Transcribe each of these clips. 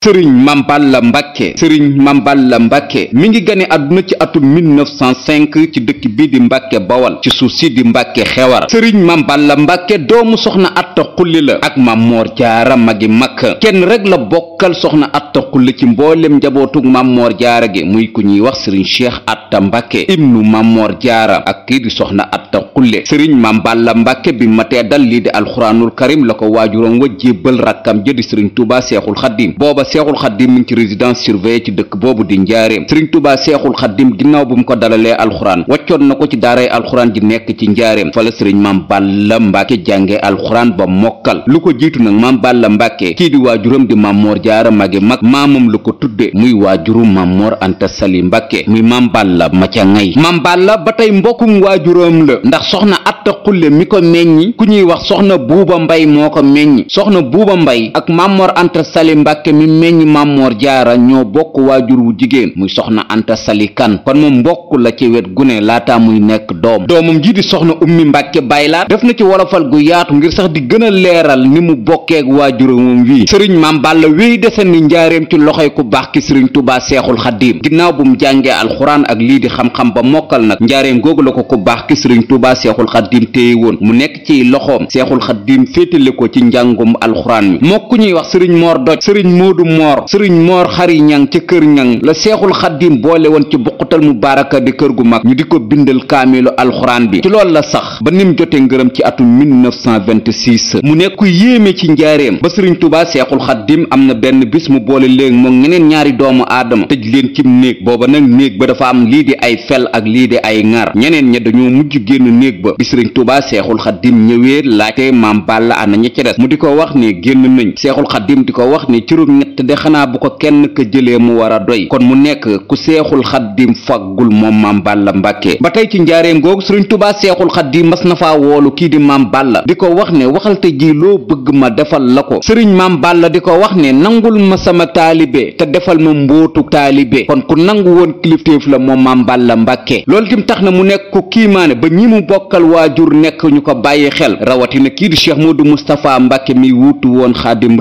sëriñ mamballa mbàkke sëriñ la mbàkke mi ngi gane àdduna ci atum 1905 ci dëkk bii di mbàkke bawal ci suuf si di mbàkke xewar sëriñ la mbàkke doomu soxna at xulli la ak mammoor jaara magi makk kenn rek la bokkal soxna atta xulli ci mboolem njabootug mammoor jaara gi muy ku ñuy wax sëriñ cheikh atta mbàkke ibnu mammoor jaara ak kii di soxna at xulle sëriñ mamballa mbàkke bi matee dal lii di alxuraanul karim la ko waajuroom wa jébbal rakkam jëdi sëriñ tuuba seexul xaddim seexul xaddim mu ngi ci résidence surveillée ci dëkk boobu di njaareem sëriñ tubaa seexul xaddim ginnaaw bu mu ko dalalee alxuraan wàccoon na ko ci daaray alxuraan ji nekk ci njaareem fa la sëriñ maam balla mbàkke jànge alxuraan ba mokkal lu ko jiitu nag maam balla mbàkke kii di waajuram di maam moor jaara magi mag maamam lu ko tuddee muy waajuru maam moor anta sali mbàkke muy maam balla ma ca ngay maam balla ba tey mbokkum waajuram la ndax soxna atta xulle mi ko meññi ku ñuy wax soxna buuba mbay moo ko meññi soxna buuba mbay meññ Mamor Jaara ñoo bokk waajur wu jigéen muy soxna Anta Sali Kan kon moom mbokk la ci wet gune laata muy nekk doom doomam ji di soxna Ummi Mbàkke Baylaat def na ci wolofal gu yaatu ngir sax di gën a leeral ni mu bokkeek waajur moom wii sëriñ Maam Balla wéy desen ni njaareem ci loxoy ku baax ki sëriñ Tubaa Seexul Xadiim ginnaaw bu mu jàngee alxuraan ak lii di xam-xam ba mokkal nag njaareem googu la ko ku baax ki sëriñ Tubaa Seexul Xadiim téye woon mu nekk ci loxoom Seexul Xadiim féetale ko ci njàngum alxuraan mi moor sëriñ moor xari ñang ci kër ñan la seexul xaddim boole woon ca buqutal mu baraka di kër gu mag ñu di ko bindal kaamilu alxuraan bi ci loolu la sax ba nim jote ngërëm ci atum 1926 mu nekk yéeme ci njaareem ba sëriñ tubaa seexul xaddim am na benn bis mu boole léegi moom ñeneen ñaari doomu aadama tëj leen cib néeg booba nag néeg ba dafa am lii di ay fel ak lii di ay ŋar ñeneen ña dañoo mujj génn néeg ba bi sëriñ tubaa seexul xaddim ñëwee laajte maam balla ana ña ca des mu di ko wax ne génn nañ seexul xaddim di ko wax ne juróom te de xanaa bu ko kenn ka jëlee mu war a doy kon mu nekk ku seexul xaddim faggul moom maam Balla Mbàkke ba tey ci njaareem googu sëriñ tubaa seexul xaddim mas na faa woolu kii di maam la di ko wax ne waxal te ji loo bëgg ma defal la ko sëriñ maam Balla di ko wax ne nangul ma sama taalibe te defal ma mbootu taalibe kon ku nangu woon kilifteef la moom maam la Mbàkke loolu mu tax na mu nekk ku kiimaane ba ñi mu bokkal waajur nekk ñu ko bàyyi xel rawatina kii di Cheikh Modou Moustapha Mbàkke mi wuutu woon xaadim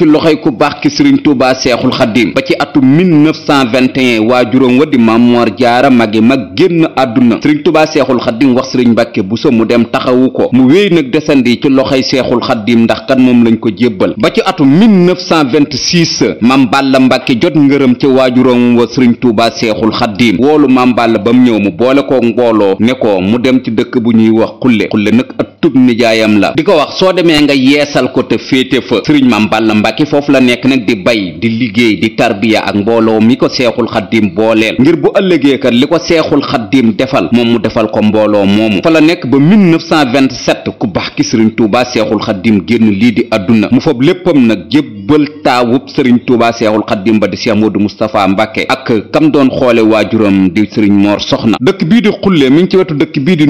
ci loxoy ku baax ki sëriñ Tuubaa Seexul Xaddiim ba ci atum 1921 waajuram wa di Mamoor Jaara magi mag génn àdduna sëriñ Tuubaa Seexul Xaddiim wax sëriñ Mbàkke sa mu dem taxawu ko mu wéy nag desandi ci loxoy Seexul Xaddiim ndax kan moom lañ ko jébbal ba ci atum 1926 Mam Balla Mbàkke jot ngërëm ca waajuroom wa sëriñ Tuubaa Seexul Xaddiim woolu Mam ba mu ñëw mu boole ko mbooloo ne ko mu dem ci dëkk bu ñuy wax xulle xulle nag tub nijaayam la di ko wax soo demee nga yeesal ko te féete fa sëriñ maam Balla Mbàkke foofu la nekk nag di bay di liggéey di tarbiya ak mbooloo mi ko seexul xaddim booleel ngir bu ëllëgee kat li ko seexul xaddim defal moom mu defal ko mbooloo moomu fa la nekk ba 1927 ku bax ki sëriñ Touba seexul xaddim génn lii di àdduna mu fob léppam nag jébbal taawub sëriñ Touba seexul xaddim ba di Cheikh Modou Moustapha Mbàkke ak kam doon xoole waajuram di sëriñ Mor Soxna dëkk bii di xulle ci wetu dëkk bii di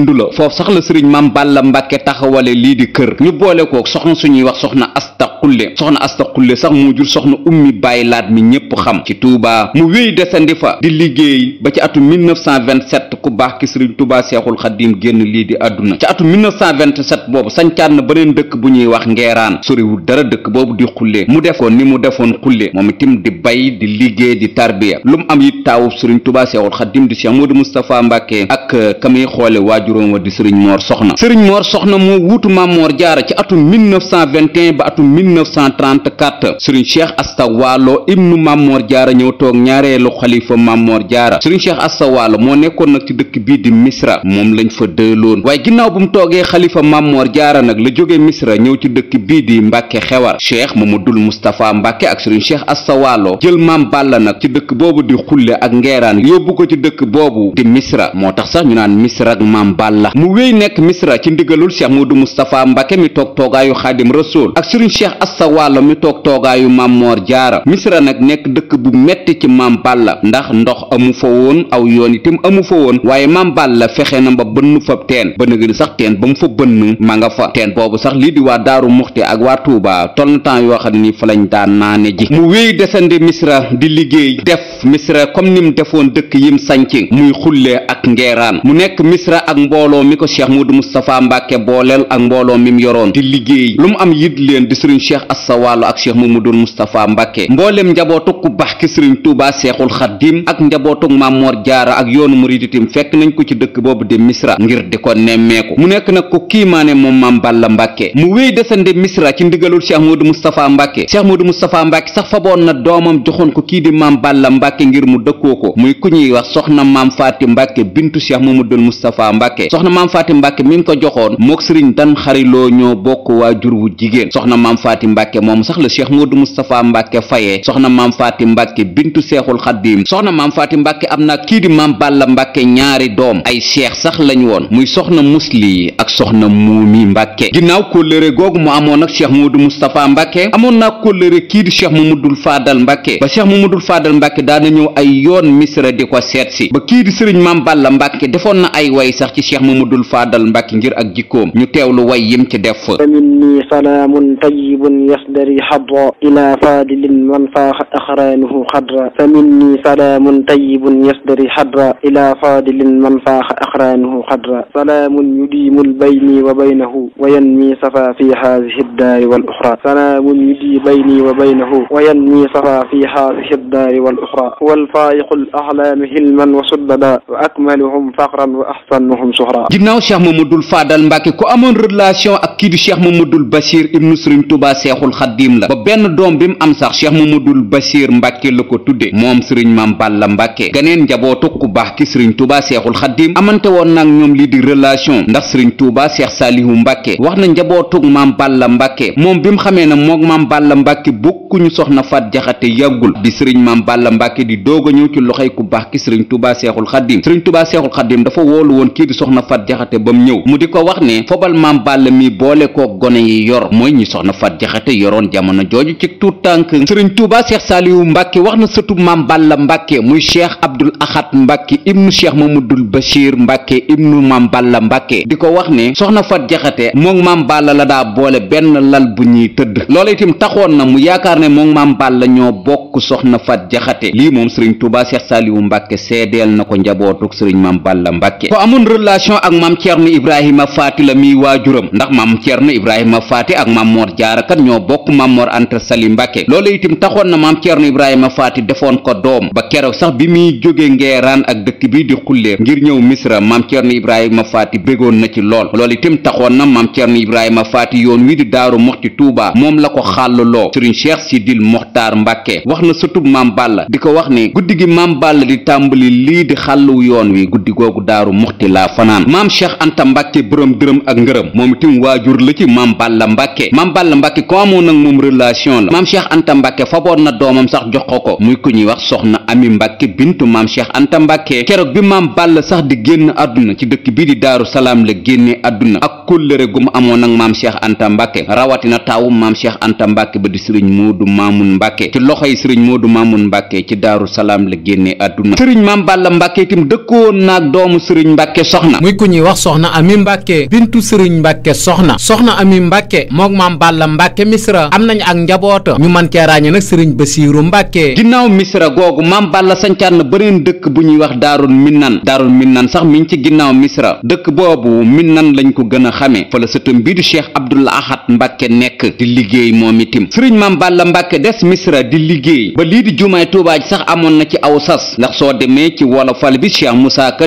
taxawale lii di kër ñu boole ko soxna suñuy wax soxna asta xulle soxna asta xulle sax moo jur soxna ummi bàyyi laat mi ñépp xam ci Touba mu wéy desandi fa di liggéey ba ci atu 1927 ku baax ki sëriñ Touba Seexul Xaddiim génn lii di àdduna ci atu 1927 boobu sañcaat na beneen dëkk bu ñuy wax ngeeraan soriwul dara dëkk boobu di xulle mu def ko ni mu defoon xulle moom itam di bay di liggéey di tarbiya lu mu am yi taawu sëriñ Touba Seexul Xaddiim di Cheikh Modou Moustapha Mbacke ak euh, ka muy xoole waajuróom wa di sëriñ moor soxna sëriñ moor soxna moo wuutu mam moor jaara ci atum 1921 ba atum 1934 sëriñ cheikh asta waalo ibnu maam moor jaara ñëw toog ñaareelu xalifa maam moor jaara sëriñ cheikh asta waalo moo nekkoon nag ci dëkk bii di misra moom lañ fa dëeloon waaye ginnaaw bu mu toogee xalifa maam moor jaara nag la jógee misra ñëw ci dëkk bii di mbàkke xewar cheikh mamadul mustapha mbàkke ak sëriñ cheikh asta waalo jël maam balla nag ci dëkk boobu di xulle ak ngeeraan yóbbu ko ci sax ñu naan misra ak maam Balla mu wéy nekk misra ci ndigalul cheikh Modou Moustapha Mbacke mi toog toogaayu xaadim rasool ak sëriñ cheikh Assa Walo mi toog toogaayu maam moor Jaara misra nag nekk dëkk bu metti ci maam Balla ndax ndox amu fa woon aw yoon itam amu fa woon waaye maam Balla fexe na ba bënn fa teen ba nëgëni sax teen ba mu fa bënn ma nga fa teen boobu sax lii di waa daaru muxti ak waa Touba toll na temps yoo xam ne ni fa lañ daan naane ji mu wéy desandi misra di liggéey def misra comme ni mu defoon dëkk yim sanc muy xulle ak ngeera nasaraan mu nekk misra ak mbooloo mi ko cheikh Modou Moustapha Mbacke booleel ak mbooloo mi mu yoroon di liggéey lu mu am yit leen di sëriñ cheikh assawalo ak cheikh Mamadou Moustapha Mbacke mbooleem njabootuk ku bax ki sëriñ Touba seexul xaddim ak njabootuk Mamor Jaara ak yoonu muriditim fekk nañ ko ci dëkk boobu di misra ngir di ko nemmeeku mu nekk nag ko kiimaane moom maam Balla Mbacke mu wéy desande misra ci ndigalul cheikh Modou Moustapha Mbacke cheikh Modou Moustapha Mbacke sax faboon na doomam joxoon ko kii di maam Balla Mbacke ngir mu dëkkoo ko muy ku ñuy wax soxna maam Faati Mbacke bintu cheikh mamadul moustapha mbàkke soxna maam faati mbàkke ko joxoon mook sëriñ dan xariloo ñoo bokk waajur wu jigéen soxna maam faati mbàkke moom sax la cheikh mamadou moustapha mbàkke fayee soxna maam faati mbàkke bintu seexul xaddiim soxna maam faati mbàkke am na kii di maam balla mbàkke doom ay cheikh sax la woon muy soxna musli ak soxna muumi mbàkke ginnaaw kóllëre googu mu amoon ak cheikh mamadou moustapha mbàkke amoon naa kóllëre kii di cheikh mamadul faadal mbàkke ba cheikh mamadul faadal mbàkke daana ñëw ay yoon misra di ko seet si ba kii di sëriñ maam balla mbàkke Mbàkke defoon na ay way sax ci Cheikh Mamadul Faadal Mbàkke ngir ak jikkoom ñu teewlu way yim ci def minni salaamun tayyibun yasdari xadra ila faadilin man faaxa axraanuhu xadra fa minni salaamun tayyibun yasdari xadra ila faadilin man faaxa axraanuhu xadra salaamun yudiimul bayni wa baynahu wa yanmi safa fi haadihi ddaari wal uxra salaamun yudii bayni wa baynahu wa yanmi safa fi haadihi ddaari wal uxra wal faayiqul axlaami hilman wa suddada wa akmaluhum minhum faqran wa ahsanuhum suhra ginnaaw cheikh mamadul faadal mbàkke ku amoon relation ak kii di cheikh mamadul basir ibnu sëriñ tuba seexul xaddiim la ba benn doom bi mu am sax cheikh dul basir mbàkke la ko tudde moom sëriñ mam balla mbàkke ganeen njabootu ku baax ki sëriñ tuba seexul xaddiim amante woon nag ñoom lii di relation ndax sëriñ tuba seex saalihu mbàkke wax na njabootug mam balla mbàkke moom bi mu xamee na moog mam balla mbàkke bokkuñu soxna faat jaxate yàggul bi sëriñ mam balla mbàkke di ci loxoy ku baax ki sëriñ tuba seexul xaddiim sëriñ xadim dafa woolu woon kii di soxna fat jaxate ba mu ñëw mu di ko wax ne fobal maam bàll mi boole koo gone yi yor mooy ñi soxna fat jaxate yoroon jamono jooju ci tuut tànk sëriñ tuuba seex saaliwu mbàkke wax na sëtub maam bàll mbàkke muy cheikh abdul axat mbàkke ibnu cheikh mamadul bachir mbàkke ibnu maam bàll mbàkke di ko wax ne soxna fat jaxate moog maam bàll la daa boole benn lal bu ñuy tëdd loola itam taxoon na mu yaakaar ne moog maam bàll ñoo bokk soxna fat jaxate lii moom sëriñ tuuba seedeel na ko njabootuk sëriñ maam bàll Balla Mbàkke ko amoon relation ak maam Thierno Ibrahima Faati la miy waajuram ndax maam Thierno Ibrahima Faati ak maam Mor Jaara ñoo bokk maam Mor Anta Sali Mbàkke loolu itam taxoon na maam Thierno Ibrahima Faati defoon ko doom ba keroog sax bi muy jóge Ngeeraan ak dëkk bi di xullee ngir ñëw Misra maam Thierno Ibrahima Faati bëggoon na ci lool loolu itam taxoon na maam Thierno Ibrahima Faati yoon wi di Daaru Moxti Tuubaa moom la ko xàlluloo Sëriñ Cheikh Sidil Moxtaar ko wax ne guddi gi maam Balla di tàmbali lii di xàlluw googu daaru muxti laa fanaan maam cheikh anta mbàkke boroom dërëm ak ngërëm moom itam waajur la ci maam balla mbàkke maam balla mbàkke ko amoon nag moom relation la maam cheikh anta mbàkke faboon na doomam sax jox ko ko muy ku ñuy wax soxna ami mbàkke bintu maam cheikh anta mbàkke keroog bi maam balla sax di génn àdduna ci dëkk bi di daaru salaam la génnee àdduna ak kóllëre gu mu amoon nag maam cheikh anta mbàkke rawatina taawu maam cheikh anta mbàkke ba di sëriñ moodu maamun mbàkke ci loxoy sëriñ moodu maamun mbàkke ci daaru salaam la génnee àdduna doomu sëriñ mbàkke soxna muy ku ñuy wax soxna ami mbàkke bintu sëriñ mbàkke soxna soxna ami mbàkke mook maam balla mbàkke misra am nañu ak njaboota ñu man cee ràññe nag sëriñ basiiru mbàkke ginnaaw misra googu maam balla sancaan na beneen dëkk bu ñuy wax daarul minan daarul minnan sax mi ngi ci ginnaaw misra dëkk boobu minnan lañ ko gën a xamee fa la sëtam bii du cheikh abdul ahad mbàkke nekk di liggéey moom itim sëriñ maam balla mbàkke des misra di liggéey ba lii di jumaay tuubaa sax amoon na ci aw sas ndax soo demee ci wolofal bi cheikh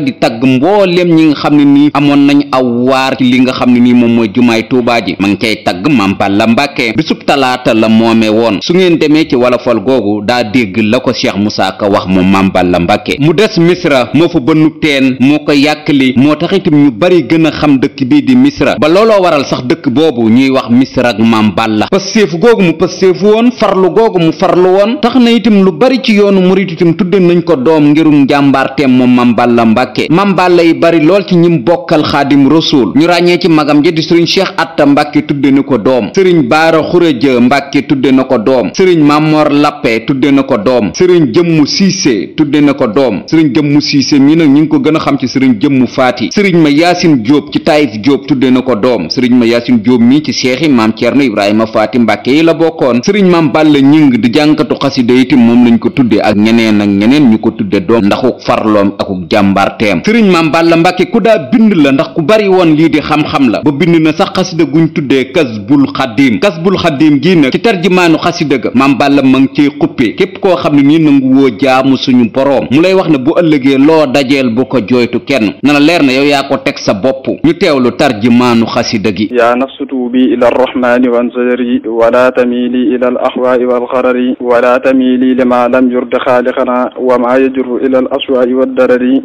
di tagg mbooleem ñi nga xam ne nii amoon nañ aw waar ci li nga xam ne nii moom mooy jumaay tuubaa ji ma ngi cay tagg Mame Balla Mbàkke bisub talaata la moome woon su ngeen demee ci wolofal googu daa dégg la ko Cheikh Moussa ko wax moom Mame Balla Mbàkke mu des misra moo fa bënnub teen moo ko yàkkali moo tax itam ñu bari gën a xam dëkk bii di misra ba looloo waral sax dëkk boobu ñuy wax misra ak Mame Balla passeefu googu mu passeefu woon farlu googu mu farlu woon tax na itam lu bari ci yoonu murit itam tudde nañ ko doom ngirum njàmbaarteem moom Mame Balla Mbàkke mbàkke mam balla yi bari lool ci ñim bokkal xaadim rasuul ñu ràññee ci magam ja di sëriñ cheikh atta mbàkke tudde na ko doom sëriñ baara xuraja mbàkke tudde na ko doom sëriñ mamor lappe tudde na ko doom sëriñ jëmmu siise tudde na ko doom sëriñ jëmmu siise mi nag ñu ngi ko gën a xam ci sëriñ jëmmu faati sëriñ ma yaasin jóob ci taayif jóob tudde na ko doom sëriñ ma yaasin jóob mii ci seexi maam ceerno ibrahima faati mbàkke yi la bokkoon sëriñ mam balla ñing di jànkatu xasida itam moom lañ ko tudde ak ñeneen ak ñeneen ñu ko tudde doom ndaxuk farloom akuk jàmbarte wooteem sëriñ maam Balla Mbàkke ku daa bind la ndax ku bari woon lii di xam-xam la ba bind na sax xasida guñ tuddee kasbul xadim kasbul xadim gii nag ci tarjimaanu xasida ga maam Balla ma ngi ciy xuppe képp koo xam ne nii nangu woo jaamu suñu boroom mu lay wax ne bu ëllëgee loo dajeel bu ko jooytu kenn na la leer na yow yaa ko teg sa bopp ñu teewlu tarjimaanu xasida gi yaa nafsu tuubi ila arrahmani wansari wala tamili ila al ahwaai walxarari wala tamili lima lam yurdi xaaliqana wa ma yajurru ila al aswaai waddarari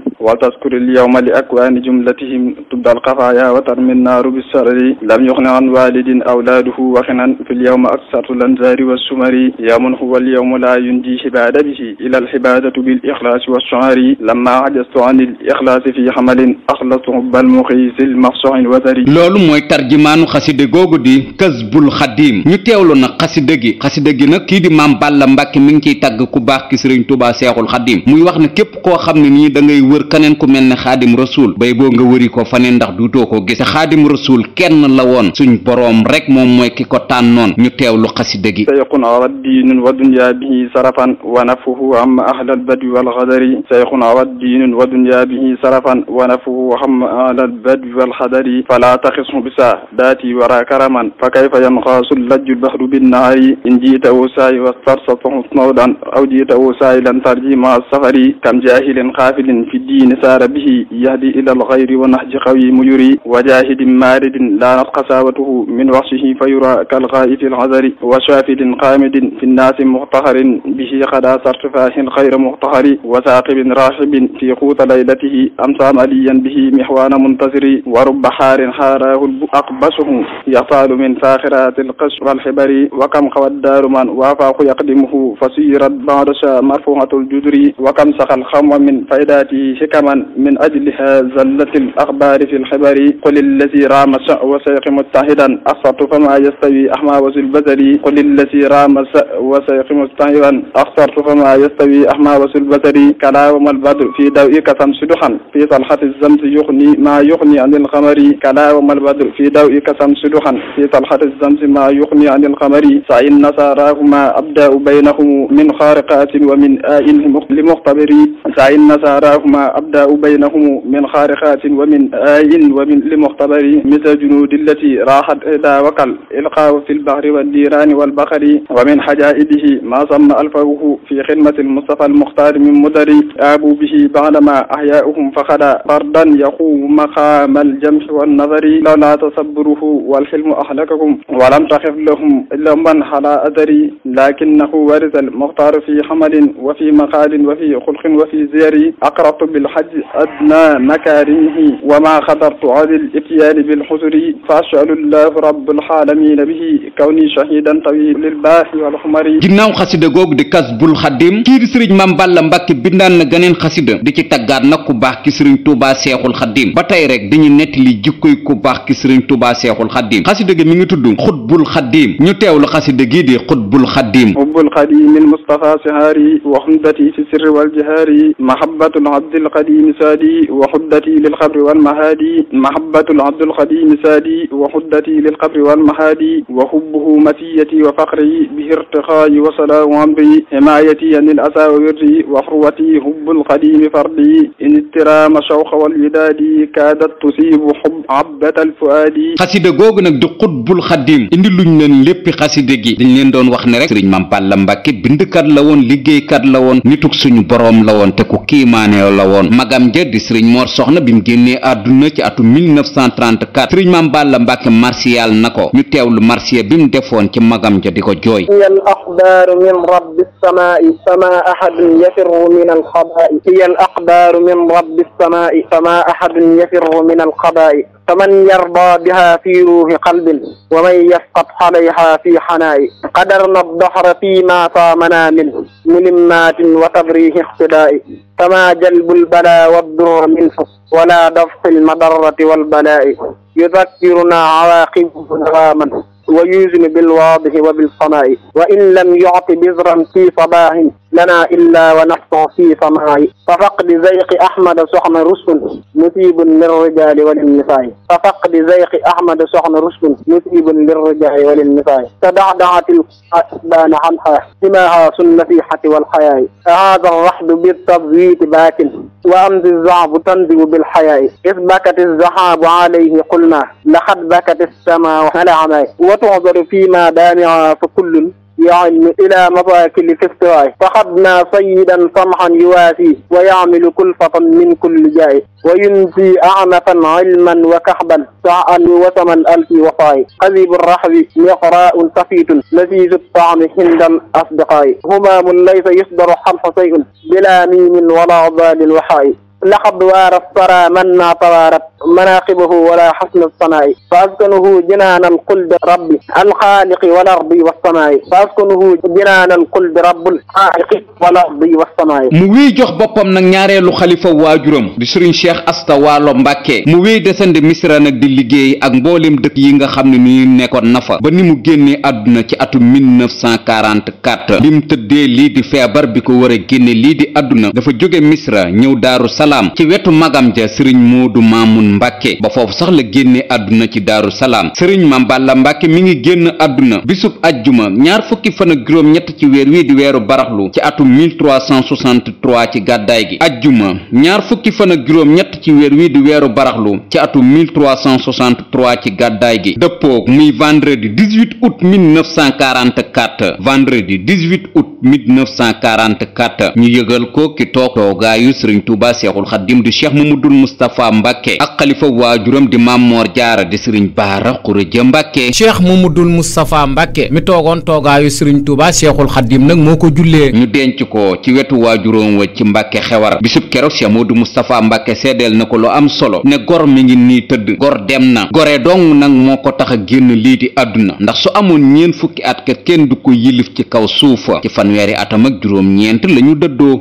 taskuril yawma li akwaani jumlatihim tubdal xafaaya wa tarmin naaru bi sarari lam yuxne an walidin awlaaduhu waxinan fil yawma aksartu lan zaari wa sumari yawmun huwa al yawmu laa yundi xibaada bihi ila al xibaadatu bil ixlaasi wa suari lamma ajastu an il ixlaasi fi xamalin axlastu bal muxiisil mafsoxin wasari loolu mooy tarjumaanu xasida googu di kasbul xadim ñu teewlu nag xasida gi xasida gi nag kii di maam Balla Mbàkke mi ngi ciy tàgg ku baax ki sëriñ Tuubaa Seexul Xadim muy wax ne képp koo xam ne nii da ngay wër kaneen ku mel ne xaadim rasuul bay boo nga wëri ko faneen ndax duutoo ko gis te xaadim rasuul kenn la woon suñ boroom rek moom mooy ki ko tànnoon ñu teewlu xasida gi sayxun awaddiinun wa dunya bihi sarafan wa nafuhu am ahlal badwi wal xadari sayxun awaddiinun wa dunya bihi sarafan wa nafuhu am ahlal badwi wal xadari fala taxisu bisa daati wara karaman fa kayfa yanxaasu lajju bahru binnaari in jiitawu saayi wa farsafahu mawdan aw jiitawu saayi lan tarji ma safari kam jahilin xaafilin fi diini اختار به يهدي إلى الغير ونهج قوي مجري وجاهد مارد لا قساوته من وحشه فيرى كالغائب العذر وشافد قامد في الناس مغتهر به قد أثرت فاح غير مغتهر وساقب راحب في قوت ليلته أمسى مليا به محوان منتظر ورب حار حاراه أقبشه يطال من فاخرات القش والحبر وكم قوى الدار من وافاق يقدمه فسيرت بعد مرفوعة الجدر وكم سخى الخمر من فائداته حكما القرآن من أجلها زلت الأخبار في الخبر قل الذي رام وسيق متعهدا أخسرت فما يستوي أحمى وذو البصر قل الذي رام وسيق متعهدا أخسرت فما يستوي أحمى وذو البصر كلاوم البدر في دوئك شمس دخن في طلحة الزمز يغني ما يغني عن القمر كلاوم البدر في دوئك شمس دخن في طلحة الزمز ما يغني عن القمر سعين نصاراهما أبدأ بينهم من خارقات ومن آئن لمختبري سعين نصاراهما أبدأ القضاء بينهم من خارخات ومن آي ومن لمختبر مثل جنود التي راحت إذا وقل إلقاء في البحر والديران والبقر ومن حجائبه ما سمى ألفه في خدمة المصطفى المختار من مدر آبوا به بعدما أحياؤهم فخدا بردا يقوم مقام الجمع والنظر لولا تصبره والحلم أهلككم ولم تخف لهم إلا من على أدري لكنه ورث المختار في حمل وفي مقال وفي خلق وفي زير أقرط بالحج أد أدنى مكارمه وما خطرت عن الإتيان بالحسر فأسأل الله رب العالمين به كوني شهيدا طويل للباح والحمر ginnaaw xasida googu di Kasbul Xadim kii di sëriñ Maam Balla Mbàkke bindaan na ganeen xasida di ci taggaat nag ku baax ki sëriñ Tuubaa Seexul Xadim ba tey rek dañu nettali jikkoy ku baax ki sëriñ Tuubaa Seexul Xadim xasida gi mi ngi tudd Xutbul Xadim ñu teewlu xasida gii di Xutbul Xadim Xutbul Xadim Mustafa Sihaari wa xamdati fi sirri wal jihaari mahabbatul abdil qadim القديم سادي وحدتي للقبر والمهادي محبة العبد القديم سادي وحدتي للقبر والمهادي وحبه مسيتي وفقري به ارتقاي وصلاة عمري حمايتي عن الأسى ووري وحروتي حب القديم فردي إن اضطرام شوق والوداد كادت تصيب حب عبة الفؤاد xasida googu nag di xutbul xadim indi luñ leen léppi xasida gi dañ leen doon wax ne rek sëriñ Mame Balla Mbàkke bindkat la woon liggéeykat la woon nituk suñu boroom la woon te ku kiimaanee la woon mag magam ja di sëriñ moor soxna bi mu génnee àdduna ci atu 1934 sëriñ maam Balla Mbàkke marsiyal na ko ñu teewlu marsiya bi mu defoon ci magam ja di ko jooy hiya al aqdaaru min rabbi samaai fama ahadun yafirru min alqadaai hiya al aqdaaru min rabbi samaai fama ahadun yafirru min alqadaai fa man yarda biha fi ruuhi qalbin wa man yasqat alayha fi xanaayi qadarna doxra fi ma saamana min mulimmatin wa tabrihi ixtidaa'i fama jalbul bala waddurra minhu wala dafqil madarrati walbalaa'i yudakkiruna awaaqibahu dawaman wa yusinu bilwaadihi wa bilsanaa'i wa in lam yucti bizran fii sabaahin lanaa illaa wa naxsoo fii samaa'i fa faqdi zayqi ahmada soxna ruskun musiibun lirrijaali walinnisaa'i fa faqdi zayqi ahmada soxna ruskun musiibun lirrijaali walinnisaa'i tadacdacat al-asbaana anhaa simaahaa sunnati hati walxayaa'i ahaaza arraxdu bitabwiiti baatin وأمض الزعب تنزل بالحياء إذ بكت الزحاب عليه قلنا لقد بكت السماء على عماء وتعذر فيما دامعا فكل يعني إلى مراكل الافتراء فخذنا صيدا سمحا يواسي ويعمل كلفة من كل جاء وينزي أعنفا علما وكحبا سعا وسما ألف وفاء قذيب الرحب مقراء سفيت لذيذ الطعم عند الأصدقاء همام ليس يصدر حرف شيء بلا ميم ولا ضال وحاء لقد وارت طرى من طوارت مناقبه ولا حسن الصناء فأسكنه جنان القلب ربي الخالق والأرض والسماء فأسكنه جنان القلب رب الخالق والأرض والسماء mu wéy jox boppam nag ñaareelu xalifa waajuram di sëriñ Cheikh Asta Waalo Mbàkke mu wéy desandi misra nag di liggéey ak mboolem dëkk yi nga xam ne ni nekkoon na fa ba ni mu génnee àdduna ci atum 1944 bi mu tëddee lii di feebar bi ko war génne lii di àdduna dafa jóge misra ñëw daaru salaam salaam ci wetu magam ja sëriñ moodu maamun mbàkke ba foofu sax la génne àdduna ci daaru salaam sëriñ mam balla mbàkke mi ngi génn àdduna bisub ajjuma ñaar fukki fan ak ñett ci weer wii di weeru baraxlu ci atum 1363 ci gàddaay gi ajjuma ñaar fukki fan ak juróom ñett ci weer wii di weeru baraxlu ci atum 1363 ci gàddaay gi dëppoo muy vendredi 18 août 1944 vendredi 18 août 1944 ñu yëgal ko ki toog toogaayu sëriñ tuuba seexul xaddim di cheikh mamadul mustapha mbàkke ak xalifa waajuram di Mammoor Jaara di sëriñ Baara Xurëja Mbàkke cheikh Mamadul Moustapha Mbàkke mi toogoon toogaayu sëriñ Tuubaa Seexul Xadiim nag moo ko jullee ñu denc ko ci wetu waajuram wa ci Mbàkke xewar bisub keroog cheikh Mamadou Moustapha Mbàkke seedeel na ko lu am solo ne gor mi ngi nii tëdd gor dem na gore dong nag moo ko tax a génn lii di àdduna ndax su amoon ñeen fukki at ka kenn du ko yilif ci kaw suufa ci fanweeri atam juróom-ñeent lañu ñu dëddoo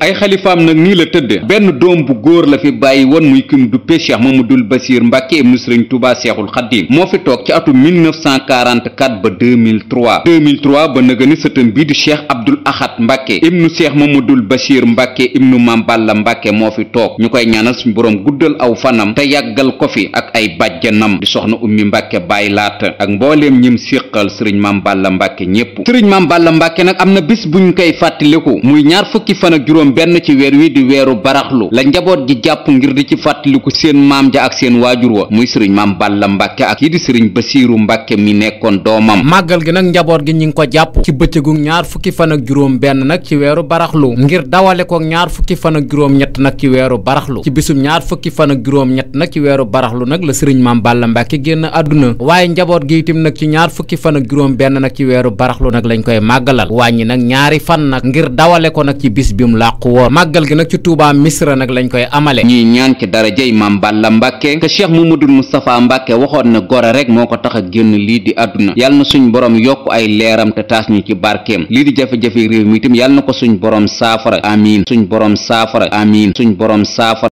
Basiir Mbàkke ibnu Sëriñ Tuubaa Seexul Xaddiim moo fi toog ci atum 1944 ba ba nëgëni sëtëm bii di Abdul Ahad Mbàkke ibnu Cheikh Mamadul Basiir Mbàkke ibnu Maam Balla Mbàkke moo fi toog ñu koy ñaanal suñu boroom guddal aw fanam te yàggal ko fi ak ay bàjjanam di soxna Ummi Mbàkke Baay Laata ak mbooleem ñim séqal Sëriñ Maam Balla Mbàkke ñépp Sëriñ Maam Balla Mbàkke nag am na bis buñ koy fàttaliku muy ñaar fukki fan ak juróom benn ci weer wi di weeru baraxlu la waajur wa muy sëriñ maam Balla Mbàkke ak kii di sëriñ Basiiru Mbàkke mi nekkoon doomam màggal gi nag njaboot gi ñu ngi ko jàpp ci bëccëgu ñaar fukki fan ak juróom benn nag ci weeru baraxlu ngir dawale ko ñaar fukki fan juróom ñett nag ci weeru baraxlu ci bisum ñaar fukki fan ak juróom ñett nag ci weeru baraxlu nag la sëriñ maam Balla Mbàkke génn àdduna waaye njaboot gi itam nag ci ñaar fukki fan ak juróom benn nag ci weeru baraxlu nag lañ koy màggalal wàññi nag ñaari fan nag ngir dawale ko nag ci bis bi mu làqu woon màggal gi nag ci Tuubaa Misra nag lañ koy amale ñuy cheikh mamadul moustapha mbàkke waxoon na gor rek moo ko tax a génn lii di àdduna yàlla na suñ borom yokk ay leeram te taas ñu ci barkeem lii di jafe-jafe réew mi itam yàlla na ko suñ borom saafara amiin suñ borom saafara amiin saafara